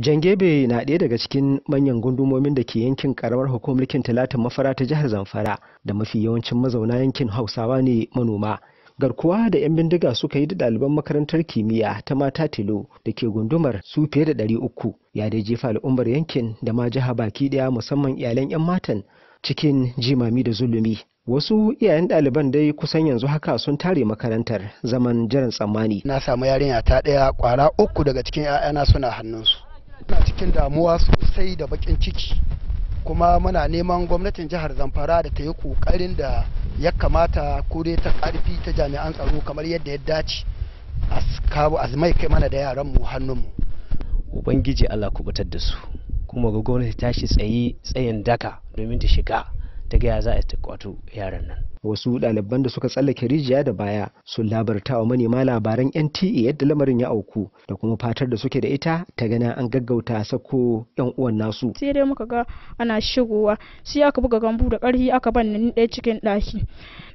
jangebe na ɗaya daga cikin manyan gundumomin da ke yankin karamar hukumar talatin mafara ta jihar zamfara da mafi yawancin mazauna yankin hausawa ne manoma garkuwa da 'yan bindiga suka yi da ɗaliban makarantar kimiyya ta mata tilo da ke gundumar su fiye da ɗari uku ya dai jefa al'ummar yankin da ma jiha baki ɗaya musamman iyalan 'yan matan cikin jimami da zulumi wasu iyayen ɗaliban dai kusan yanzu haka sun tare makarantar zaman jiran tsammani na samu yarinya ta ɗaya kwara uku daga cikin 'ya'yana suna hannunsu Muna cikin damuwa sosai da bakin ciki kuma muna neman gwamnatin jihar Zamfara da ta yi kokarin da ya kamata kure ta karfi ta jami'an tsaro kamar yadda ya dace a kawo azmai kai mana da yaran mu hannun mu. Ubangiji Allah kubutar da su kuma ga gwamnati tashi tsaye tsayin daka domin ta shiga ta gaya za a ta yaran nan wasu ɗaliban da suka tsallake rijiya da baya sun labarta wa manema labaran NTA e yadda lamarin ya auku da kuma fatar da suke da ita ta gana an gaggauta sako yan uwan nasu sai dai muka ga ana shigowa sai aka buga gambu da ƙarfi aka ban ni ɗaya cikin ɗaki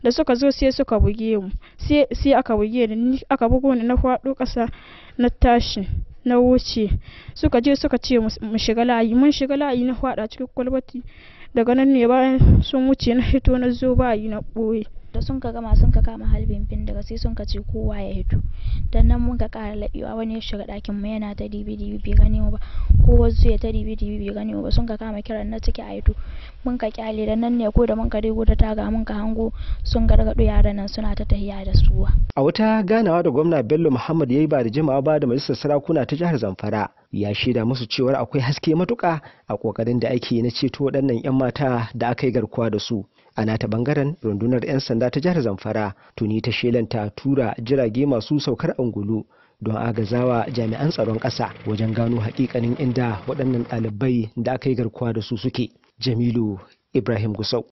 da suka zo sai suka buge mu sai aka buge ni aka bugo ni na faɗo ƙasa na tashi na wuce suka je suka ce mu shiga layi mun shiga layi na faɗa cikin kwalbati daga nan ne bayan sun wuce na hito na zo bayi na ɓoye da sun ka gama sun ka kama halbin bindiga sai sun ka ce kowa ya hito dan nan mun ka kara laɓewa wani ya shiga dakin mu yana ta dibi dibi bai gane mu ba ko wasu ya ta dibi dibi bai gane mu ba sun ka kama kiran na ciki a hito mun ka kyale da nan ne ko da mun ka rigo ta taga mun ka hango sun gargaɗo yaran nan suna ta tahiya da suwa. a wata ganawa da gwamna bello muhammad ya yi ba da jimawa ba da majalisar sarakuna ta jihar zamfara ya shaida musu cewar akwai haske matuka a kokarin da ake na ceto waɗannan 'yan mata da aka yi garkuwa da su a nata bangaren rundunar 'yan sanda ta jihar zamfara tuni ta shelanta tura jirage masu saukar angulu don agazawa jami'an tsaron ƙasa wajen gano hakikanin inda waɗannan ɗalibai da aka yi garkuwa da su suke jamilu ibrahim gusau